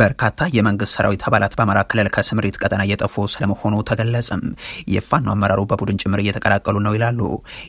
በርካታ የመንግስት ሰራዊት አባላት በአማራ ክልል ከስምሪት ቀጠና እየጠፉ ስለመሆኑ ተገለጸም። የፋኖ አመራሩ በቡድን ጭምር እየተቀላቀሉ ነው ይላሉ።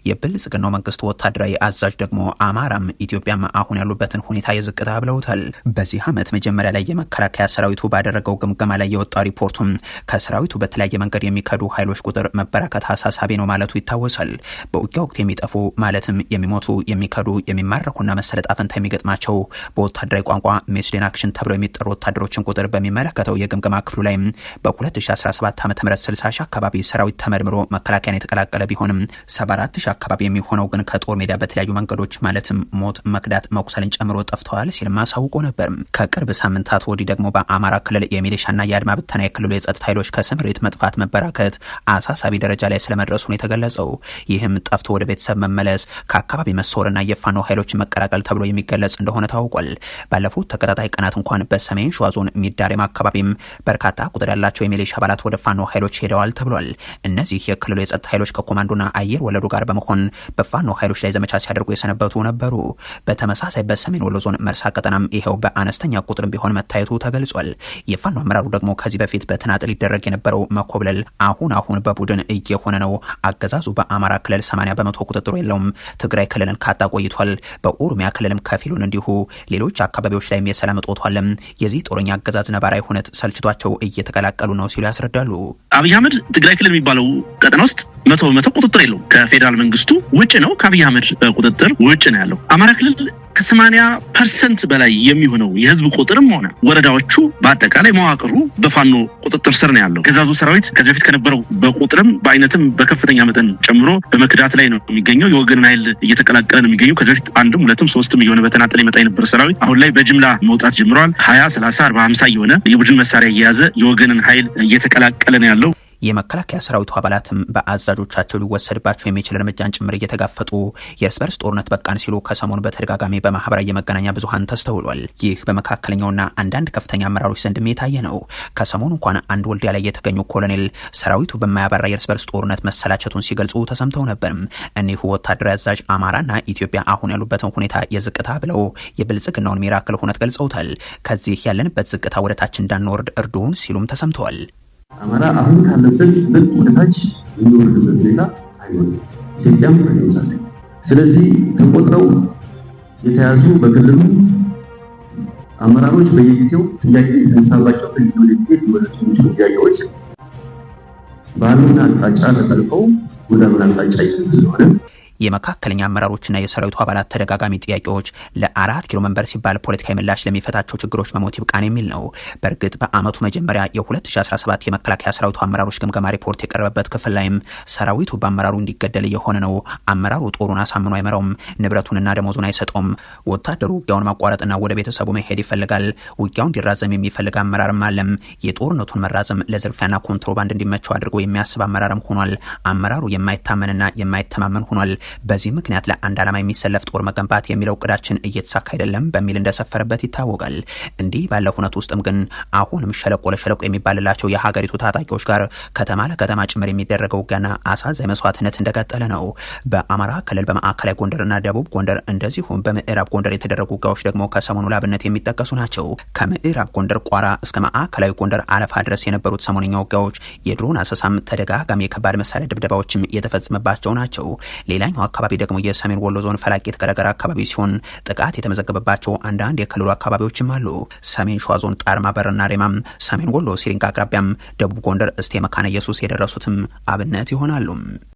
የብልጽግናው መንግስት ወታደራዊ አዛዥ ደግሞ አማራም ኢትዮጵያም አሁን ያሉበትን ሁኔታ የዝቅታ ብለውታል። በዚህ ዓመት መጀመሪያ ላይ የመከላከያ ሰራዊቱ ባደረገው ግምገማ ላይ የወጣ ሪፖርቱም ከሰራዊቱ በተለያየ መንገድ የሚከዱ ኃይሎች ቁጥር መበራከት አሳሳቢ ነው ማለቱ ይታወሳል። በውጊያ ወቅት የሚጠፉ ማለትም የሚሞቱ፣ የሚከዱ፣ የሚማረኩና መሰለጣፈንታ የሚገጥማቸው በወታደራዊ ቋንቋ ሜስዴን አክሽን ተብለው የሚጠሩ ወታደሮችን ቁጥር በሚመለከተው የግምገማ ክፍሉ ላይ በ2017 ዓ ም 60 ሺህ አካባቢ ሰራዊት ተመርምሮ መከላከያን የተቀላቀለ ቢሆንም 74 ሺህ አካባቢ የሚሆነው ግን ከጦር ሜዳ በተለያዩ መንገዶች ማለትም ሞት፣ መክዳት፣ መቁሰልን ጨምሮ ጠፍተዋል ሲል ማሳውቆ ነበር። ከቅርብ ሳምንታት ወዲህ ደግሞ በአማራ ክልል የሚሊሻና የአድማ ብተና የክልሉ የጸጥታ ኃይሎች ከስምሪት መጥፋት መበራከት አሳሳቢ ደረጃ ላይ ስለመድረሱ ነው የተገለጸው ይህም ጠፍቶ ወደ ቤተሰብ መመለስ ከአካባቢ መሰወርና የፋኖ ኃይሎች መቀላቀል ተብሎ የሚገለጽ እንደሆነ ታውቋል። ባለፉት ተከታታይ ቀናት እንኳን በሰሜን ሸዋ ዞን ሚዳሬም አካባቢም በርካታ ቁጥር ያላቸው የሚሊሻ አባላት ወደ ፋኖ ኃይሎች ሄደዋል ተብሏል። እነዚህ የክልሉ የጸጥታ ኃይሎች ከኮማንዶና አየር ወለዱ ጋር በመሆን በፋኖ ኃይሎች ላይ ዘመቻ ሲያደርጉ የሰነበቱ ነበሩ። በተመሳሳይ በሰሜን ወሎ ዞን መርሳ ቀጠናም ይኸው በአነስተኛ ቁጥር ቢሆን መታየቱ ተገልጿል። የፋኖ አመራሩ ደግሞ ከዚህ በፊት በተናጥል ሊደረግ የነበረው መኮብለል አሁን አሁን በቡድን እየሆነ ነው። አገዛዙ በአማራ ክልል 80 በመቶ ቁጥጥሩ የለውም። ትግራይ ክልልን ካጣ ቆይቷል። በኦሮሚያ ክልልም ከፊሉን እንዲሁ ሌሎች አካባቢዎች ላይም የሰላም እጦቷለም የዚህ የጦረኛ አገዛዝ ነባራዊ ሁነት ሰልችቷቸው እየተቀላቀሉ ነው ሲሉ ያስረዳሉ። አብይ አህመድ ትግራይ ክልል የሚባለው ቀጠና ውስጥ መቶ በመቶ ቁጥጥር የለውም። ከፌዴራል መንግስቱ ውጭ ነው። ከአብይ አህመድ ቁጥጥር ውጭ ነው ያለው። አማራ ክልል ከሰማኒያ ፐርሰንት በላይ የሚሆነው የህዝብ ቁጥርም ሆነ ወረዳዎቹ በአጠቃላይ መዋቅሩ በፋኖ ቁጥጥር ስር ነው ያለው። ገዛዙ ሰራዊት ከዚህ በፊት ከነበረው በቁጥርም በአይነትም በከፍተኛ መጠን ጨምሮ በመክዳት ላይ ነው የሚገኘው። የወገንን ኃይል እየተቀላቀለ ነው የሚገኘው። ከዚህ በፊት አንድም ሁለትም ሶስትም እየሆነ በተናጠል ይመጣ የነበረ ሰራዊት አሁን ላይ በጅምላ መውጣት ጀምረዋል። ሀያ ሰላሳ አርባ ሀምሳ እየሆነ የቡድን መሳሪያ እየያዘ የወገንን ኃይል እየተቀላቀለ ነው ያለው። የመከላከያ ሰራዊቱ አባላትም በአዛዦቻቸው ሊወሰድባቸው የሚችል እርምጃን ጭምር እየተጋፈጡ የእርስ በርስ ጦርነት በቃን ሲሉ ከሰሞኑ በተደጋጋሚ በማህበራዊ የመገናኛ ብዙሀን ተስተውሏል። ይህ በመካከለኛውና አንዳንድ ከፍተኛ አመራሮች ዘንድም የታየ ነው። ከሰሞኑ እንኳን አንድ ወልዲያ ላይ የተገኙ ኮሎኔል ሰራዊቱ በማያበራ የእርስ በርስ ጦርነት መሰላቸቱን ሲገልጹ ተሰምተው ነበርም። እኒሁ ወታደራዊ አዛዥ አማራና ኢትዮጵያ አሁን ያሉበትን ሁኔታ የዝቅታ ብለው የብልጽግናውን ሚራክል ሁነት ገልጸውታል። ከዚህ ያለንበት ዝቅታ ወደታች እንዳንወርድ እርዱን ሲሉም ተሰምተዋል። አማራ አሁን ካለበት ምን ወደታች የሚወርድበት ሁኔታ አይሆንም። ኢትዮጵያም በተመሳሳይ። ስለዚህ ተቆጥረው የተያዙ በክልሉ አመራሮች በየጊዜው ጥያቄ የሚነሳባቸው በጊዜ ወደ ጊዜ ሊመለሱ የሚችሉ ጥያቄዎች ባሉና አቅጣጫ ተጠልፈው ወደ ምን አቅጣጫ ስለሆነ የመካከለኛ አመራሮችና የሰራዊቱ አባላት ተደጋጋሚ ጥያቄዎች ለአራት ኪሎ መንበር ሲባል ፖለቲካዊ ምላሽ ለሚፈታቸው ችግሮች መሞት ይብቃን የሚል ነው። በእርግጥ በአመቱ መጀመሪያ የ2017 የመከላከያ ሰራዊቱ አመራሮች ግምገማ ሪፖርት የቀረበበት ክፍል ላይም ሰራዊቱ በአመራሩ እንዲገደል እየሆነ ነው፣ አመራሩ ጦሩን አሳምኖ አይመራውም፣ ንብረቱንና ደሞዙን አይሰጠውም፣ ወታደሩ ውጊያውን ማቋረጥና ወደ ቤተሰቡ መሄድ ይፈልጋል፣ ውጊያው እንዲራዘም የሚፈልግ አመራርም አለም፣ የጦርነቱን መራዘም ለዝርፊያና ኮንትሮባንድ እንዲመቸው አድርጎ የሚያስብ አመራርም ሆኗል። አመራሩ የማይታመንና የማይተማመን ሆኗል። በዚህ ምክንያት ለአንድ ዓላማ የሚሰለፍ ጦር መገንባት የሚለው እቅዳችን እየተሳካ አይደለም በሚል እንደሰፈረበት ይታወቃል። እንዲህ ባለ ሁነት ውስጥም ግን አሁንም ሸለቆ ለሸለቆ የሚባልላቸው የሀገሪቱ ታጣቂዎች ጋር ከተማ ለከተማ ጭምር የሚደረገው ገና አሳዛኝ መስዋዕትነት እንደቀጠለ ነው። በአማራ ክልል በማዕከላዊ ጎንደርና ደቡብ ጎንደር እንደዚሁም በምዕራብ ጎንደር የተደረጉ ውጊያዎች ደግሞ ከሰሞኑ ላብነት የሚጠቀሱ ናቸው። ከምዕራብ ጎንደር ቋራ እስከ ማዕከላዊ ጎንደር አለፋ ድረስ የነበሩት ሰሞነኛ ውጊያዎች የድሮን አሰሳም ተደጋጋሚ የከባድ መሳሪያ ድብደባዎችም የተፈጸመባቸው ናቸው። ሌላኛው አካባቢ ደግሞ የሰሜን ወሎ ዞን ፈላቄት ገረገር አካባቢ ሲሆን ጥቃት የተመዘገበባቸው አንዳንድ የክልሉ አካባቢዎችም አሉ። ሰሜን ሸዋ ዞን ጣርማ በርና ሬማም፣ ሰሜን ወሎ ሲሪንቃ አቅራቢያም፣ ደቡብ ጎንደር እስቴ መካነ ኢየሱስ የደረሱትም አብነት ይሆናሉ።